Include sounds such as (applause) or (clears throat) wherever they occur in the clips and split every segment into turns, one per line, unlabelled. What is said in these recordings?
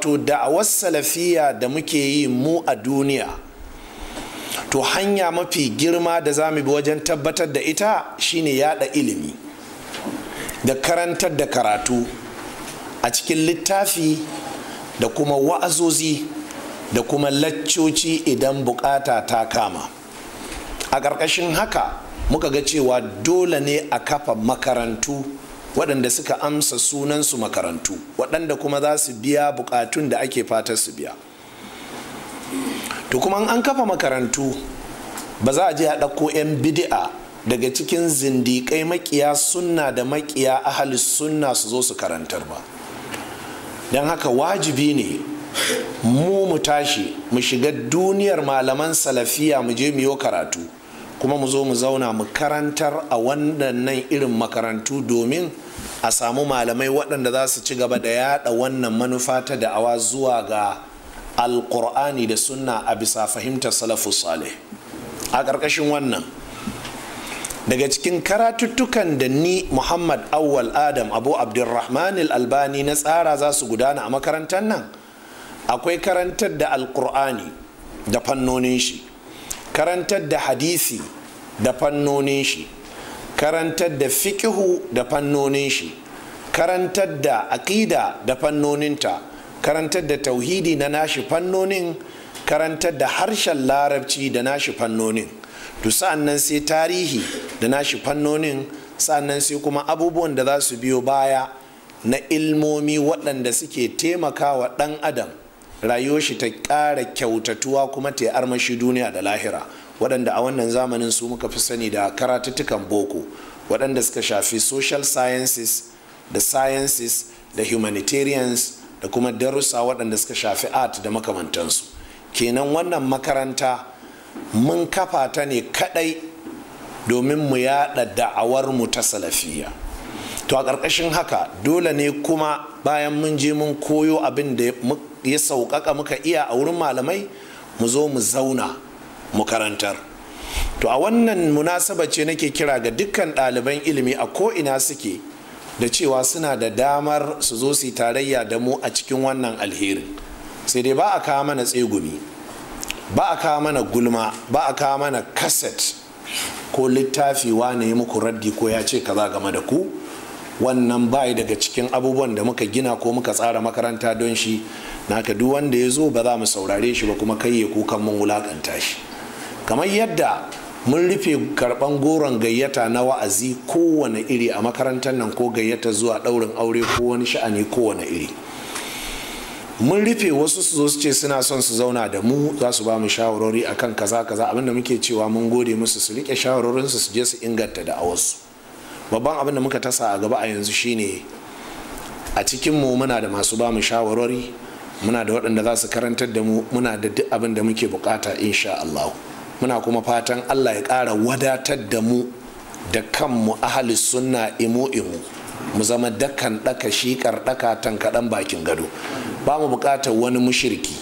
to da'awar salafiya da muke yi mu a duniya to hanya mafi girma da za mu bi wajen tabbatar da ita shine yada ilimi da karantar da karatu a cikin littafi da kuma wa'azozi da kuma laccoci idan bukata ta kama a ƙarƙashin haka muka ga cewa dole ne a kafa makarantu waɗanda suka amsa sunansu makarantu waɗanda kuma za su biya buƙatun da ake fatar su biya to kuma an kafa makarantu ba za a je a ɗauko 'yan bidi'a daga cikin zindiƙai makiya sunna da makiya ahli sunna su zo su karantar ba don haka wajibi ne mu mu tashi mu shiga duniyar malaman salafiya mu je mu yi karatu kuma mu zo mu zauna mu karantar a wannan irin makarantu domin a samu malamai waɗanda za su ci gaba da yaɗa wannan manufa ta da'awa zuwa ga alkur'ani da sunna a bisa fahimtar salafus salih a ƙarƙashin wannan daga cikin karatuttukan da ni muhammad awwal adam abu abdulrahman albani na tsara za su gudana a makarantar nan akwai karantar da alkur'ani da fannonin shi karantar da hadisi da fannonin shi karantar da fikihu da fannonin shi karantar da aƙida da fannoninta karantar da tauhidi na nashi fannonin karantar da harshen larabci da nashi fannonin to sa'annan sai tarihi da nashi fannonin sa'annan sai kuma abubuwan da za su biyo baya na ilmomi waɗanda suke taimakawa ɗan adam rayuwar shi ta ƙara kyautatuwa kuma ta yi armashi duniya da lahira waɗanda a wannan zamanin su muka fi sani da karatuttukan boko waɗanda suka shafi social sciences da sciences da humanitarians da kuma darussa waɗanda suka shafi art da makamantansu kenan wannan makaranta mun kafa ta ne kaɗai domin mu yaɗa da'awar mu ta salafiya to a ƙarƙashin haka dole ne kuma bayan mun je mun koyo abin da ya sauƙaƙa muka iya a wurin malamai mu zo mu zauna mu karantar to a wannan munasaba ce nake kira ga dukkan ɗaliban ilimi a ko'ina suke da cewa suna da damar su zo su tarayya da mu a cikin wannan alherin sai dai ba a kawo mana tsegumi ba a kawo mana gulma ba a kawo mana kaset ko littafi wane muku raddi ko ya ce kaza game da ku wannan bai daga cikin abubuwan da muka gina ko muka tsara makaranta don shi na duk wanda ya zo ba za mu saurare shi ba kuma kai ya kukan mun wulakanta shi kamar yadda mun rufe karban goron gayyata na wa'azi kowane iri a makarantar nan ko gayyata zuwa ɗaurin aure ko wani sha'ani kowane iri mun rufe wasu su zo su ce suna son su zauna da mu za su ba mu shawarwari akan kaza kaza abinda muke cewa mun gode musu su rike shawarorinsu su je su inganta da awarsu babban abin da muka tasa a gaba a yanzu shine a cikin mu muna da masu ba mu shawarwari muna da waɗanda za su karantar da mu muna da duk abin da muke bukata insha Allah muna kuma fatan Allah ya ƙara wadatar da mu da kanmu ahli sunna imu imu mu zama dakan ɗaka shi ɗaka tan kaɗan bakin gado ba mu bukatar wani mushirki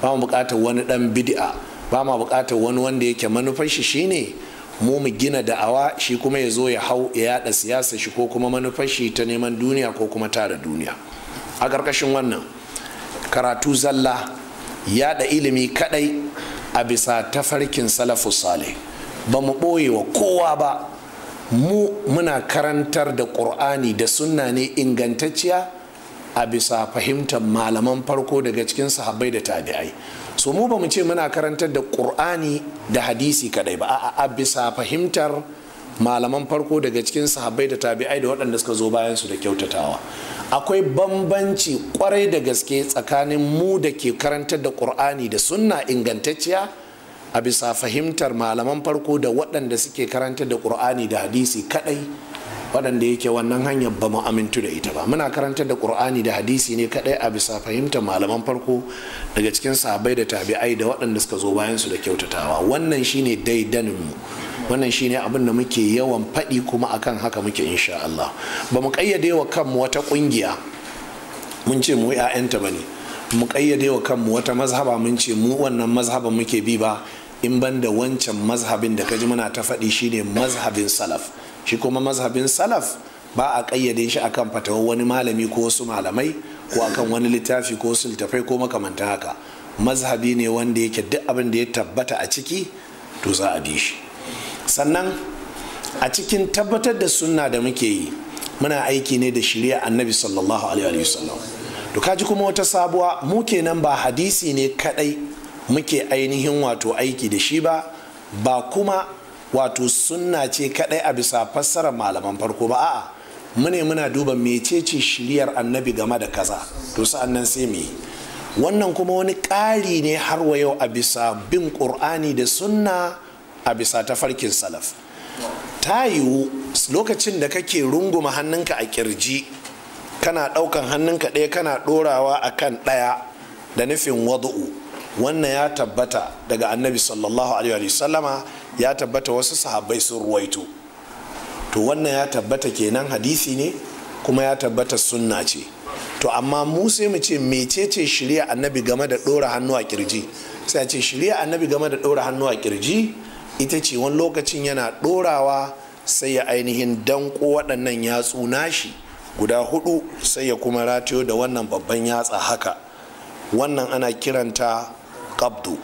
ba mu bukatar wani ɗan bid'a ba mu bukatar wani wanda yake manufar shi shine mu mu gina da'awa shi kuma ya zo ya hau ya yada siyasa shi ko kuma manufar ta neman duniya ko kuma tara duniya a ƙarƙashin wannan karatu zalla yada ilimi kadai a bisa tafarkin salafu sale ba mu ɓoye wa kowa ba mu muna karantar da ƙur'ani da sunna ne ingantacciya a bisa fahimtar malaman farko daga cikin sahabbai da tabi'ai so mu ba mu ce muna karantar da ƙur'ani da hadisi kadai ba a bisa fahimtar malaman farko daga cikin sahabbai da tabi'ai da waɗanda suka zo bayan su da kyautatawa akwai bambanci kwarai da gaske tsakanin mu da ke karantar da ƙur'ani da sunna ingantacciya a bisa fahimtar malaman farko da waɗanda suke karantar da ƙur'ani da hadisi kadai waɗanda yake wannan hanyar ba mu amintu da ita ba muna karantar da ƙur'ani da hadisi ne kaɗai a bisa fahimtar malaman farko daga cikin sabai da tabi'ai da waɗanda suka zo bayan su da kyautatawa wannan shine daidanin mu wannan shine abin da muke yawan faɗi kuma akan haka muke insha Allah ba mu ƙayyade wa kanmu wata ƙungiya mun ce mu 'ya'yanta ba ne mu ƙayyade wa kanmu wata mazhaba mun ce mu wannan mazhaban muke bi ba in ban da wancan mazhabin da kaji muna ta faɗi shine mazhabin salaf shi kuma mazhabin salaf ba a ƙayyade shi akan fatawar wani malami ko wasu malamai ko akan wani littafi ko wasu littafai ko makamanta haka mazhabi ne wanda yake duk abin da ya tabbata a ciki to za a bi shi sannan a cikin tabbatar da sunna da muke yi muna aiki ne da shirya annabi sallallahu alaihi wasallam to kaji kuma wata sabuwa mu kenan ba hadisi ne kadai muke ainihin wato aiki da shi ba ba kuma wato sunna ce kadai a bisa fassarar malaman farko ba a'a mune muna duba mecece shiriyar annabi game da kaza to sa'an nan sai mu wannan kuma wani ƙari ne har wa yau a bisa bin ƙur'ani da sunna a bisa tafarkin salaf ta yiwu lokacin da kake runguma hannunka a kirji kana ɗaukan hannunka ɗaya kana ɗorawa a kan ɗaya da nufin wadu'u wannan ya tabbata daga annabi sallallahu alaihi sallama ya tabbata wasu sahabbai sun ruwaito to wannan ya tabbata kenan hadisi ne kuma ya tabbata sunna ce to amma mu sai mu ce mecece shirya annabi game da ɗora hannu a kirji sai a ce shirya annabi game da ɗora hannu a kirji ita ce wani lokacin yana ɗorawa sai ya ainihin dan ko waɗannan yatsu nashi guda hudu sai ya kuma ratiyo da wannan babban yatsa haka wannan ana kiranta qabdu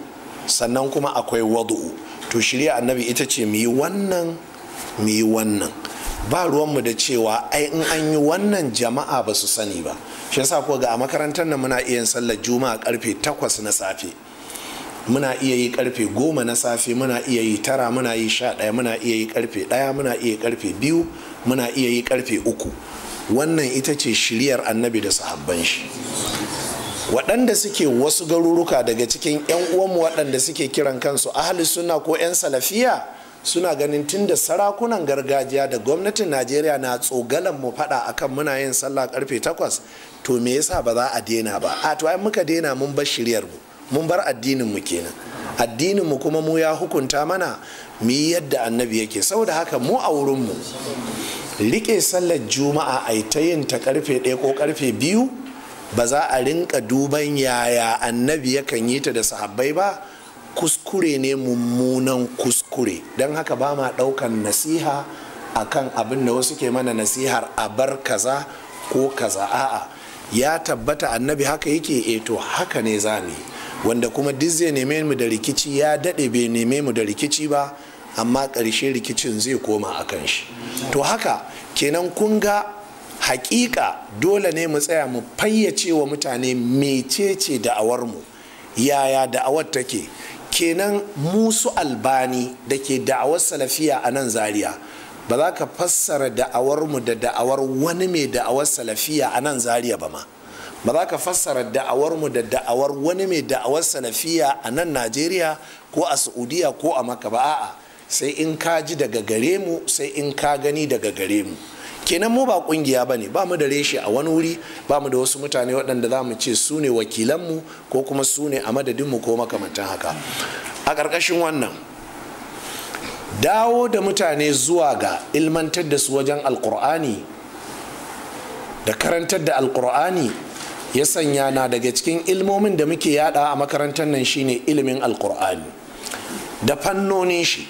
sannan kuma akwai wadu'u to shirya annabi ita ce mu yi wannan mu yi wannan ba ruwanmu da cewa ai in an yi wannan jama'a ba su sani ba shi yasa ko ga a makarantar nan muna iya sallar juma'a karfe 8 na safe muna iya yi karfe 10 na safe muna iya yi tara muna yi 11 muna iya yi karfe 1 muna iya yi karfe 2 muna iya yi karfe 3 wannan ita ce shiryar annabi da sahabban shi waɗanda suke wasu garuruka daga cikin 'yan uwanmu waɗanda suke kiran kansu ahli suna ko 'yan salafiya suna ganin tun da sarakunan gargajiya da gwamnatin najeriya na tsogalan mu faɗa akan muna yin sallah karfe 8 to me yasa ba za a daina ba a to ai muka daina mun bar shiryar mu mun bar addinin mu kenan addinin mu kuma mu ya hukunta mana mu yi yadda annabi yake saboda haka mu a wurin mu rike sallar juma'a ai ta yin ta karfe 1 ko karfe biyu ba za a rinka duban yaya annabi yakan yi ta da sahabbai ba kuskure ne mummunan kuskure don haka ba ma ɗaukan nasiha akan abin da wasu ke mana nasihar a bar kaza ko kaza a'a ya tabbata annabi haka yake eto eh haka ne za ne wanda kuma duk zai neme mu da rikici ya daɗe bai neme mu da rikici ba amma ƙarshe rikicin zai koma a kan shi to haka kenan kun ga hakika dole ne mu tsaya mu fayyace wa mutane mecece da'awarmu yaya da'awar take kenan musu albani da ke da'awar salafiya a nan zaria ba za ka fassara da'awarmu da da'awar wani mai da'awar salafiya a nan zaria ba ma ba za ka fassara da'awarmu da da'awar wani mai da'awar salafiya a nan najeriya ko a saudiya ko a maka ba a'a sai in ka ji daga gare mu sai in ka gani daga gare mu kenan mu ba kungiya ba ne ba mu da reshe a wani wuri ba mu da wasu mutane waɗanda za mu ce su ne wakilanmu ko kuma su ne a madadinmu ko makamantan haka a ƙarƙashin wannan dawo da mutane zuwa ga ilmantar da su wajen alƙur'ani da karantar da alƙur'ani ya sanya na daga cikin ilmomin da muke yada a makarantar nan shine ilimin alƙur'ani da fannonin shi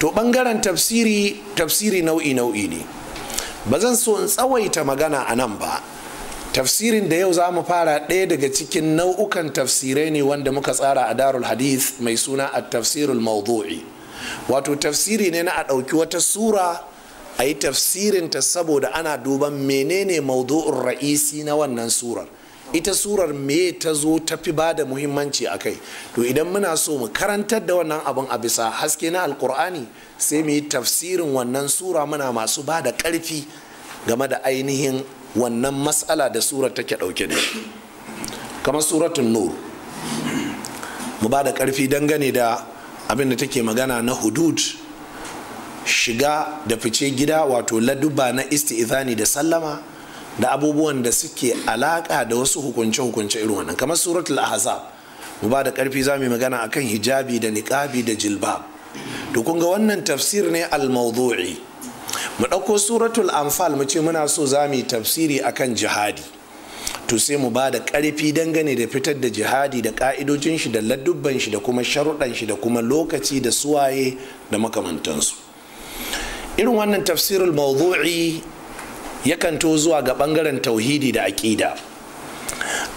to ɓangaren tafsiri tafsiri nau'i nau'i ne ba zan so in tsawaita magana a nan ba tafsirin da yau za mu fara ɗaya daga cikin nau'ukan tafsirai ne wanda muka tsara a darul hadith mai suna a tafsirul mawdu'i wato tafsiri ne na a ɗauki wata sura a yi tafsirinta saboda ana duban menene maudu'un ra'isi na wannan surar ita surar me ta zo ta fi ba da muhimmanci a kai to idan muna so mu karantar da wannan abin a bisa haske na alkur'ani sai mu yi tafsirin wannan sura muna masu ba da ƙarfi game da ainihin wannan matsala da surar take dauke da kamar suratun nur mu ba da ƙarfi dangane da abin da take magana na hudud shiga da fice gida wato laduba na isti'izani da sallama da abubuwan da suke alaƙa da wasu hukunce-hukunce irin wannan kamar suratul ahzab mu ba da karfi za mu magana akan hijabi da niqabi da jilbab to kun ga wannan tafsir ne al-mawdu'i mu ɗauko suratul anfal mu ce muna so za mu yi tafsiri akan jihadi to sai mu ba da ƙarfi dangane da fitar da jihadi da ƙa'idojin shi da ladubban shi da kuma sharuɗan shi da kuma lokaci da suwaye da makamantansu irin wannan tafsirul mawdu'i yakan to zuwa ga bangaren tauhidi da aƙida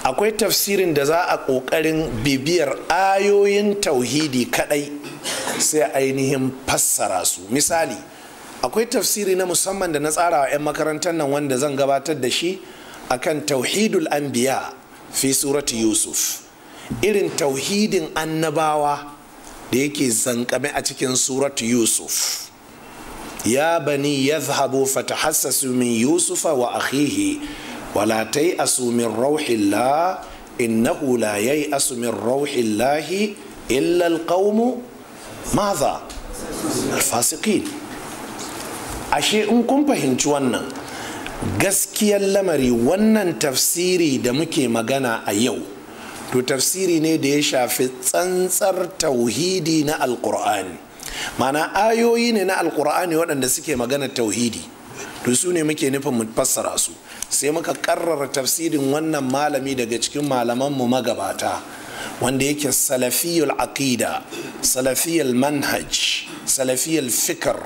akwai tafsirin da za a ƙoƙarin bibiyar ayoyin tauhidi kaɗai sai ainihin fassara su misali akwai tafsiri na musamman da na tsara wa 'yan makarantar nan wanda zan gabatar da shi akan tauhidul anbiya fi suratu yusuf irin tauhidin annabawa da yake zankame a cikin suratu yusuf ya bani yadhhabu fatahassasu min yusufa wa akhihi wala tai'asu min rauhillah innahu la yai'asu min rauhillahi illa alqawmu madha alfasiqin ashe in kun fahimci wannan gaskiyar lamari wannan tafsiri da muke magana a yau to tafsiri ne da ya shafi tsantsar tauhidi na alkur'ani ma'ana ayoyi ne na alkur'ani waɗanda suke magana tauhidi to su ne muke nufin mu fassara su sai muka karrara tafsirin wannan malami daga cikin malaman mu magabata wanda yake salafiyul aqida salafiyul manhaj salafiyul fikr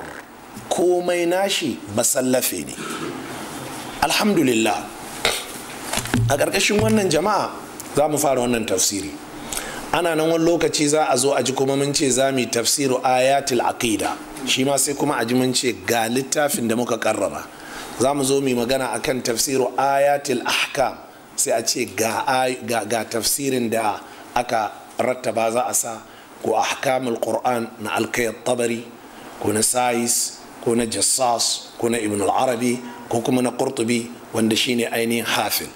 komai nashi ba sallafe ne alhamdulillah a ƙarƙashin wannan jama'a za mu fara wannan tafsiri ana nan wani lokaci za a zo a ji kuma mun ce za mu tafsiru ayatul aqida shi ma sai kuma a ji mun ce ga littafin da muka karrara za mu zo mu magana akan tafsiru ayatul ahkam sai a ce ga tafsirin da aka rattaba za a sa ko ahkamul qur'an na alkayat tabari ko na sais ko na jassas ko na ibn al-arabi ko kuma na qurtubi wanda shine ainihin hafin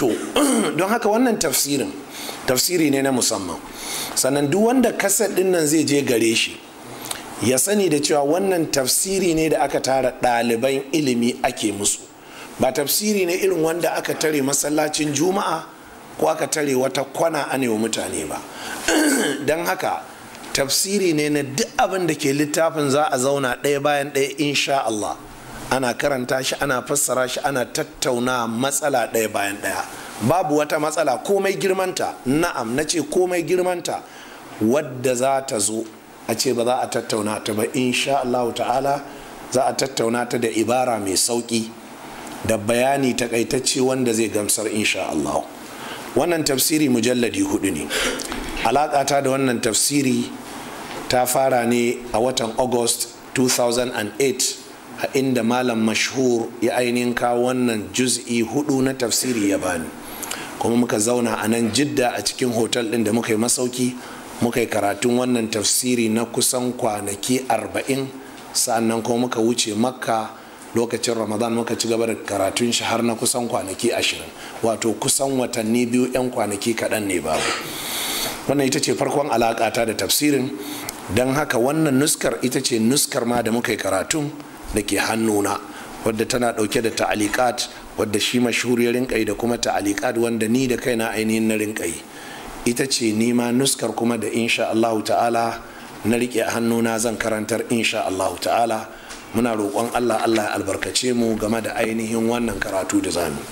to (clears throat) don haka wannan tafsirin tafsiri ne na musamman sannan duk wanda kaset din nan zai je gare shi ya sani da cewa wannan tafsiri ne da aka tara ɗaliban ilimi ake musu ba tafsiri ne irin wanda aka tare masallacin juma'a ko aka tare wata kwana a wa mutane ba (clears throat) don haka tafsiri ne na duk abin da ke littafin za a zauna ɗaya bayan ɗaya insha Allah ana karanta shi ana fassara shi ana tattauna matsala ɗaya bayan ɗaya babu wata matsala komai girmanta na'am na ce komai girmanta wadda za ta zo a ce ba za a tattauna ta ba insha Allah ta'ala za a tattauna ta da ibara mai sauki da bayani ta takaitacce wanda zai gamsar insha Allah wannan tafsiri mujalladi hudu ne alaƙata da wannan tafsiri ta fara ne a watan august 2008 a inda malam mashhur ya ainihin kawo wannan juz'i hudu na tafsiri ya bani kuma muka zauna a nan jidda a cikin hotel ɗin da muka yi masauki muka yi karatun wannan tafsiri na kusan kwanaki arba'in sa'annan kuma muka wuce makka lokacin ramadan muka ci gaba da karatun shi har na kusan kwanaki ashirin wato kusan watanni biyu 'yan kwanaki kaɗan ne babu wannan ita ce farkon alaƙata da tafsirin don haka wannan nuskar ita ce nuskar ma da muka yi karatun da ke hannuna wadda tana dauke da ta'alikat wadda shi mashhur ya rinkai da kuma ta'alikat wanda ni da kaina ainihin na rinkai ita ce nima nuskar kuma da insha Allah ta'ala na riƙe hannuna zan karantar insha Allah ta'ala muna roƙon Allah Allah ya albarkace mu game da ainihin wannan karatu da zamu